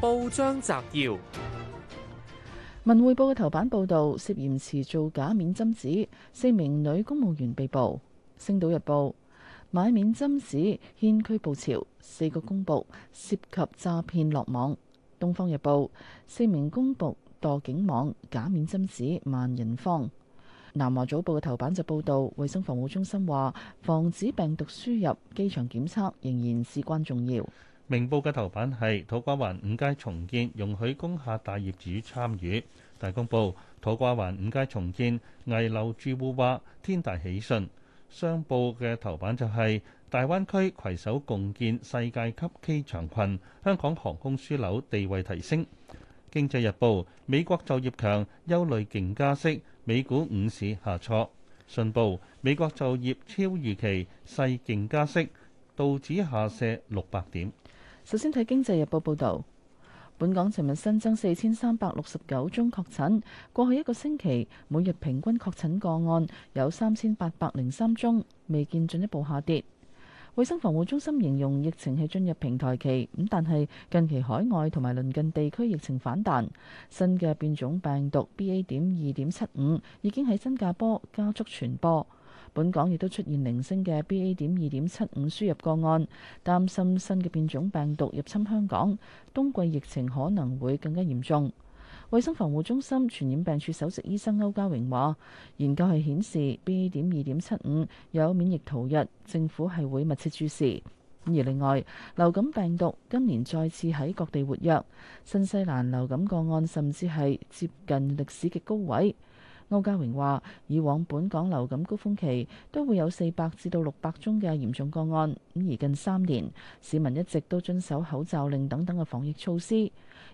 報章摘要：《文匯報》嘅頭版報道，涉嫌持造假免針紙，四名女公務員被捕。《星島日報》買免針紙，欠區報潮，四個公僕涉及詐騙落網。《東方日報》四名公僕墮警網，假免針紙萬人慌。《南華早報》嘅頭版就報道，衛生防護中心話，防止病毒輸入，機場檢測仍然至關重要。明報嘅頭版係土瓜灣五街重建，容許工廈大業主參與。大公報土瓜灣五街重建，危樓住戶話天大喜訊。商報嘅頭版就係、是、大灣區攜手共建世界級機場羣，香港航空樞紐地位提升。經濟日報美國就業強，憂慮勁加息，美股午市下挫。信報美國就業超預期，勢勁加息，道指下瀉六百點。首先睇《經濟日報》報導，本港尋日新增四千三百六十九宗確診，過去一個星期每日平均確診個案有三千八百零三宗，未見進一步下跌。衛生防護中心形容疫情係進入平台期，咁但係近期海外同埋鄰近地區疫情反彈，新嘅變種病毒 BA. 點二點七五已經喺新加坡加速傳播。本港亦都出現零星嘅 BA. 點二點七五輸入個案，擔心新嘅變種病毒入侵香港，冬季疫情可能會更加嚴重。衛生防護中心傳染病處首席醫生歐家榮話，研究係顯示 BA. 點二點七五有免疫逃逸，政府係會密切注視。而另外，流感病毒今年再次喺各地活躍，新西蘭流感個案甚至係接近歷史嘅高位。歐家榮話：以往本港流感高峰期都會有四百至到六百宗嘅嚴重個案，咁而近三年市民一直都遵守口罩令等等嘅防疫措施，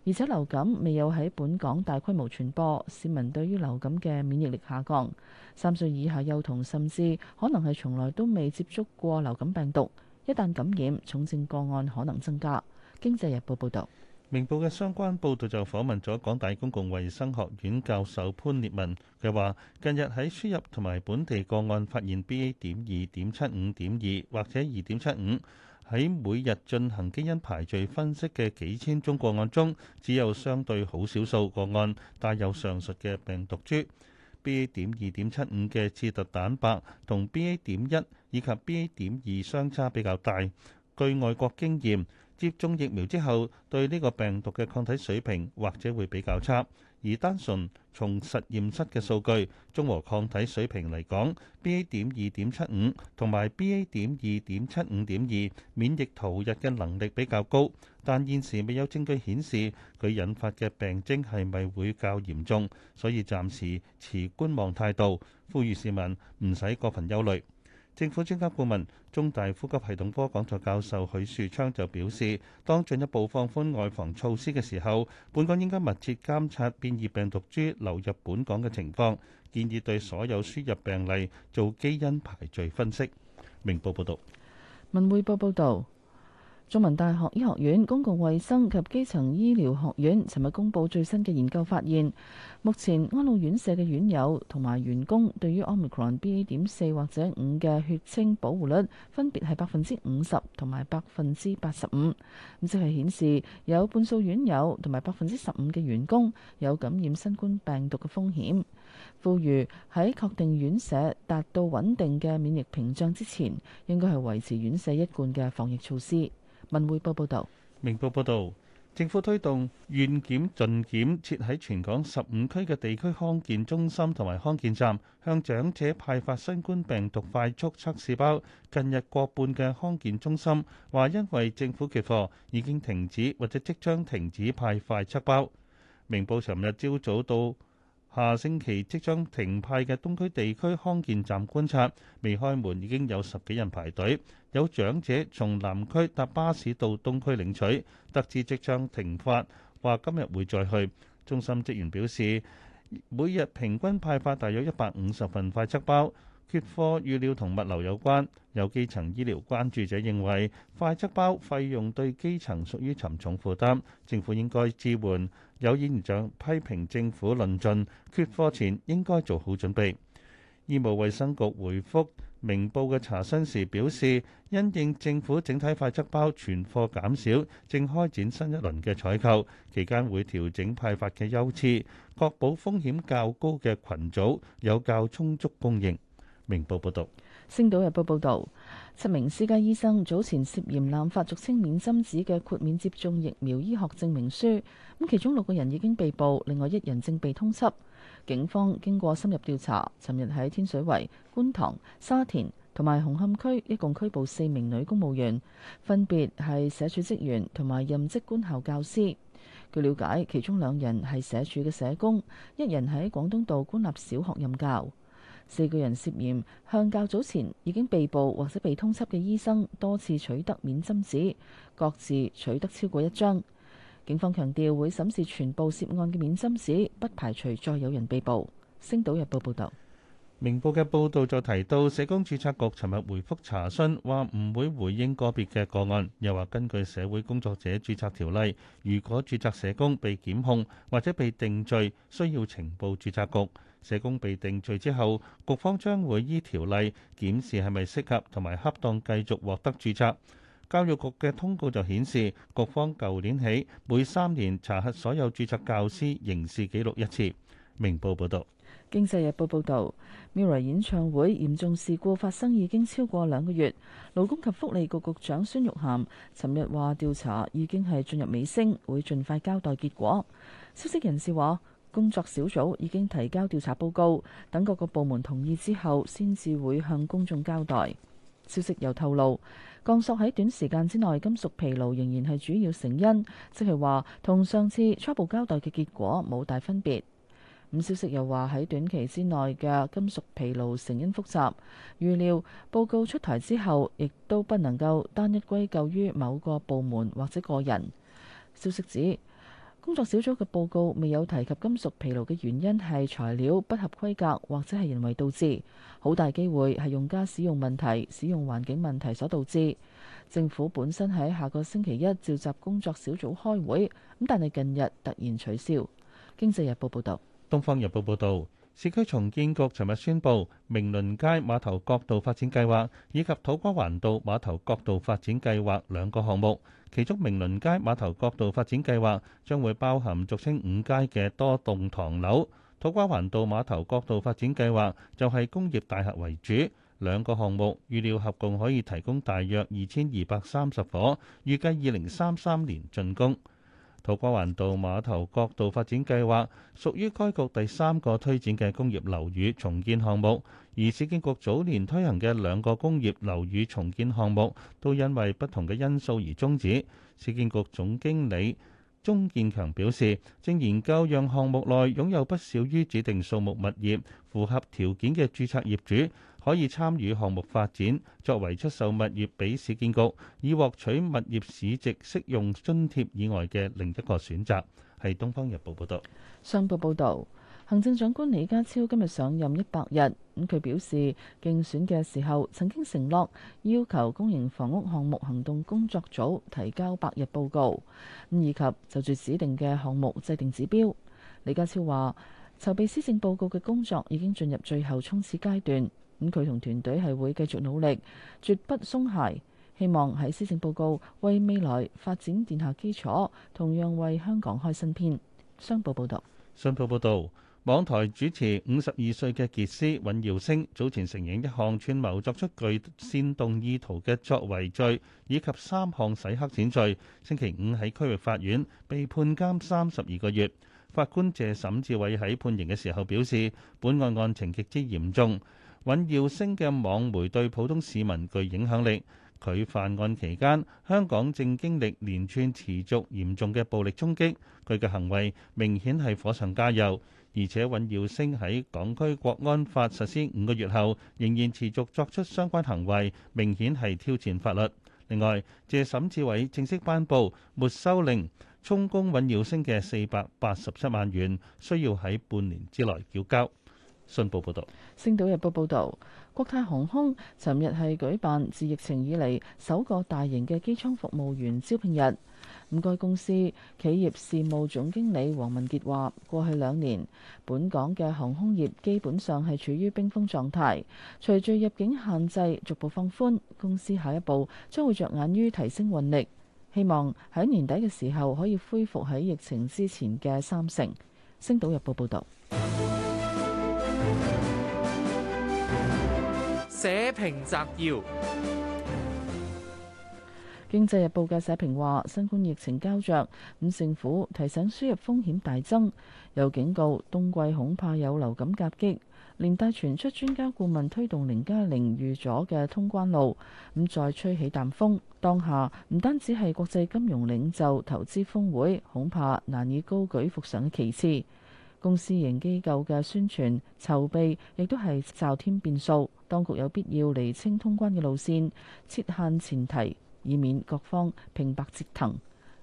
而且流感未有喺本港大規模傳播，市民對於流感嘅免疫力下降，三歲以下幼童甚至可能係從來都未接觸過流感病毒，一旦感染，重症個案可能增加。經濟日報報道。明報嘅相關報導就訪問咗港大公共衛生學院教授潘烈文，佢話：近日喺輸入同埋本地個案發現 BA. 點二點七五點二或者二點七五，喺每日進行基因排序分析嘅幾千宗個案中，只有相對好少數個案帶有上述嘅病毒株。BA. 點二點七五嘅刺突蛋白同 BA. 點一以及 BA. 點二相差比較大，據外國經驗，接種疫苗之後，對呢個病毒嘅抗體水平或者會比較差。而單純從實驗室嘅數據，中和抗體水平嚟講，BA. 點二點七五同埋 BA. 點二點七五點二，免疫逃逸嘅能力比較高。但現時未有證據顯示佢引發嘅病徵係咪會較嚴重，所以暫時持觀望態度。呼籲市民唔使過分憂慮。政府專家顧問、中大呼吸系統科講座教授許樹昌就表示，當進一步放寬外防措施嘅時候，本港應該密切監察變異病毒株流入本港嘅情況，建議對所有輸入病例做基因排序分析。明報報道。文匯報報道。中文大學醫學院、公共衛生及基層醫療學院尋日公布最新嘅研究發現，目前安老院舍嘅院友同埋員工對於 Omicron BA. 點四或者五嘅血清保護率分別係百分之五十同埋百分之八十五。咁即係顯示有半數院友同埋百分之十五嘅員工有感染新冠病毒嘅風險。呼籲喺確定院舍達到穩定嘅免疫屏障之前，應該係維持院舍一貫嘅防疫措施。文匯報報導，明報報導，政府推動願檢盡檢，設喺全港十五區嘅地區康健中心同埋康健站，向長者派發新冠病毒快速測試包。近日過半嘅康健中心話，因為政府缺貨，已經停止或者即將停止派快測包。明報尋日朝早到。下星期即將停派嘅東區地區康健站，觀察，未開門已經有十幾人排隊，有長者從南區搭巴士到東區領取，得知即將停發，話今日會再去。中心職員表示，每日平均派發大約一百五十份快測包，缺貨預料同物流有關。有基層醫療關注者認為，快測包費用對基層屬於沉重負擔，政府應該支援。有議員長批評政府論盡，缺貨前應該做好準備。醫務衛生局回覆明報嘅查詢時表示，因應政府整體快測包存貨減少，正開展新一輪嘅採購，期間會調整派發嘅優次，確保風險較高嘅羣組有較充足供應。明報報道。星島日報報道，七名私家醫生早前涉嫌濫發俗稱免針紙嘅豁免接種疫苗醫學證明書，咁其中六個人已經被捕，另外一人正被通緝。警方經過深入調查，尋日喺天水圍、觀塘、沙田同埋紅磡區一共拘捕四名女公務員，分別係社署職員同埋任職官校教師。據了解，其中兩人係社署嘅社工，一人喺廣東道官立小學任教。四個人涉嫌向較早前已經被捕或者被通緝嘅醫生多次取得免針紙，各自取得超過一張。警方強調會審視全部涉案嘅免針紙，不排除再有人被捕。《星島日報》報道，《明報》嘅報導就提到，社工註冊局尋日回覆查詢，話唔會回應個別嘅個案，又話根據社會工作者註冊條例，如果註冊社工被檢控或者被定罪，需要呈報註冊局。社工被定罪之後，局方將會依條例檢視係咪適合同埋恰當繼續獲得註冊。教育局嘅通告就顯示，局方舊年起每三年查核所有註冊教師刑事記錄一次。明報報道，《經濟日報》報道，Mirror 演唱會嚴重事故發生已經超過兩個月，勞工及福利局局長孫玉菡尋日話調查已經係進入尾聲，會盡快交代結果。消息人士話。工作小組已經提交調查報告，等各個部門同意之後，先至會向公眾交代。消息又透露，鋼索喺短時間之內金屬疲勞仍然係主要成因，即係話同上次初步交代嘅結果冇大分別。咁消息又話喺短期之內嘅金屬疲勞成因複雜，預料報告出台之後，亦都不能夠單一歸咎於某個部門或者個人。消息指。工作小組嘅報告未有提及金屬疲勞嘅原因係材料不合規格或者係人為導致，好大機會係用家使用問題、使用環境問題所導致。政府本身喺下個星期一召集工作小組開會，咁但係近日突然取消。經濟日報報道。東方日報報導。市區重建局尋日宣布，明倫街馬頭角道發展計劃以及土瓜灣道馬頭角道發展計劃兩個項目，其中明倫街馬頭角道發展計劃將會包含俗稱五街嘅多棟唐樓，土瓜灣道馬頭角道發展計劃就係工業大廈為主。兩個項目預料合共可以提供大約二千二百三十伙，預計二零三三年竣工。土瓜灣道馬頭角道發展計劃屬於該局第三個推展嘅工業樓宇重建項目，而市建局早年推行嘅兩個工業樓宇重建項目都因為不同嘅因素而終止。市建局總經理鍾建強表示，正研究讓項目內擁有不少於指定數目物業符合條件嘅註冊業主，可以參與項目發展，作為出售物業俾市建局，以獲取物業市值適用津貼以外嘅另一個選擇。係《東方日報》報道。商報報導，行政長官李家超今日上任一百日，咁佢表示競選嘅時候曾經承諾要求公營房屋項目行動工作組提交百日報告，以及就住指定嘅項目制定指標。李家超話籌備施政報告嘅工作已經進入最後衝刺階段。咁佢同團隊係會繼續努力，絕不鬆懈。希望喺施政報告為未來發展奠下基礎，同樣為香港開新篇。商報報道：「商報報道，網台主持五十二歲嘅傑斯尹耀星早前承認一項串謀作出具煽動意圖嘅作為罪，以及三項洗黑錢罪。星期五喺區域法院被判監三十二個月。法官謝沈志偉喺判刑嘅時候表示，本案案情極之嚴重。尹耀星嘅網媒對普通市民具影響力。佢犯案期間，香港正經歷連串持續嚴重嘅暴力衝擊，佢嘅行為明顯係火上加油。而且尹耀星喺港區國安法實施五個月後，仍然持續作出相關行為，明顯係挑戰法律。另外，謝沈志偉正式頒布沒收令，充公尹耀星嘅四百八十七萬元，需要喺半年之內繳交。信報報導，《星島日報》報導，國泰航空尋日係舉辦自疫情以嚟首個大型嘅機艙服務員招聘日。唔該公司企業事務總經理黃文傑話，過去兩年，本港嘅航空業基本上係處於冰封狀態。隨住入境限制逐步放寬，公司下一步將會着眼於提升運力，希望喺年底嘅時候可以恢復喺疫情之前嘅三成。《星島日報》報導。社評摘要：經濟日報嘅社評話，新冠疫情膠着，五政府提醒輸入風險大增，又警告冬季恐怕有流感夾擊，連帶傳出專家顧問推動零加零預咗嘅通關路，咁再吹起淡風。當下唔單止係國際金融領袖投資峰會，恐怕難以高舉復上嘅旗幟。公私營機構嘅宣傳籌備亦都係驟添變數，當局有必要厘清通關嘅路線，設限前提，以免各方平白折騰。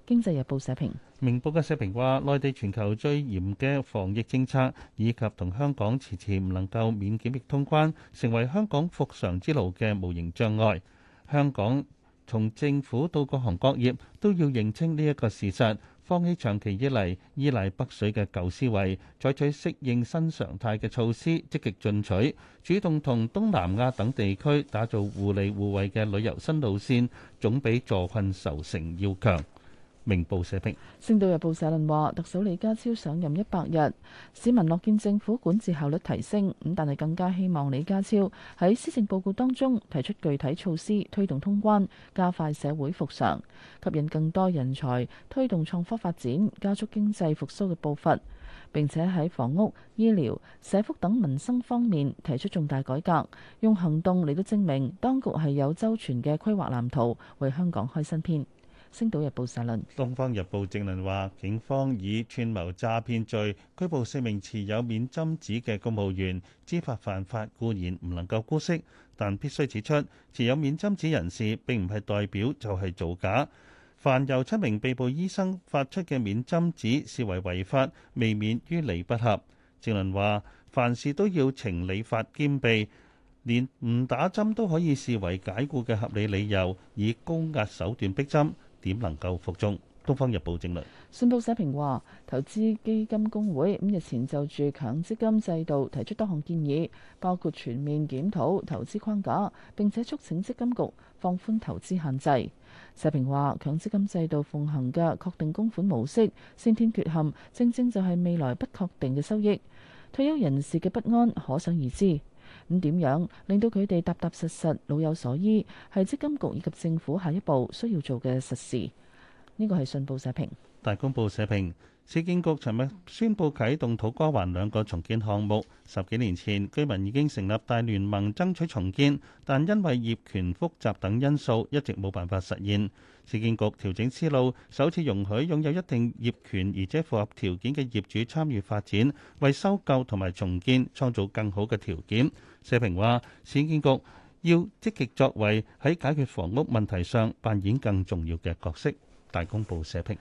經濟日報社評。明報嘅社評話，內地全球最嚴嘅防疫政策，以及同香港遲遲唔能夠免檢疫通關，成為香港復常之路嘅無形障礙，香港從政府到各行各業都要認清呢一個事實。放棄長期以嚟依賴北水嘅舊思維，採取適應新常態嘅措施，積極進取，主動同東南亞等地區打造互利互惠嘅旅遊新路線，總比坐困愁城要強。明報社評，星島日報社論話，特首李家超上任一百日，市民樂見政府管治效率提升，咁但係更加希望李家超喺施政報告當中提出具體措施，推動通關，加快社會復常，吸引更多人才，推動創科發展，加速經濟復甦嘅步伐。並且喺房屋、醫療、社福等民生方面提出重大改革，用行動嚟到證明當局係有周全嘅規劃藍圖，為香港開新篇。《星島日報》社論，《東方日報》正論話：警方以串謀詐騙罪拘捕四名持有免針紙嘅公務員，知法犯法固然唔能夠姑息，但必須指出持有免針紙人士並唔係代表就係造假。凡由七名被捕醫生發出嘅免針紙視為違法，未免於理不合。正論話：凡事都要情理法兼備，連唔打針都可以視為解雇嘅合理理由，以高壓手段逼針。點能夠服眾？《東方日報》整理，信報社評話，投資基金公會五日前就住強積金制度提出多項建議，包括全面檢討投資框架，並且促請積金局放寬投資限制。社評話，強積金制度奉行嘅確定供款模式先天缺陷，正正就係未來不確定嘅收益，退休人士嘅不安可想而知。咁點樣令到佢哋踏踏實實老有所依，係積金局以及政府下一步需要做嘅實事。呢個係信報社評，大公報社評。市建局尋日宣布啟動土瓜灣兩個重建項目。十幾年前，居民已經成立大聯盟爭取重建，但因為業權複雜等因素，一直冇辦法實現。市建局調整思路，首次容許擁有一定業權而且符合條件嘅業主參與發展，為收購同埋重建創造更好嘅條件。社評話，市建局要積極作為，喺解決房屋問題上扮演更重要嘅角色。大公報社評。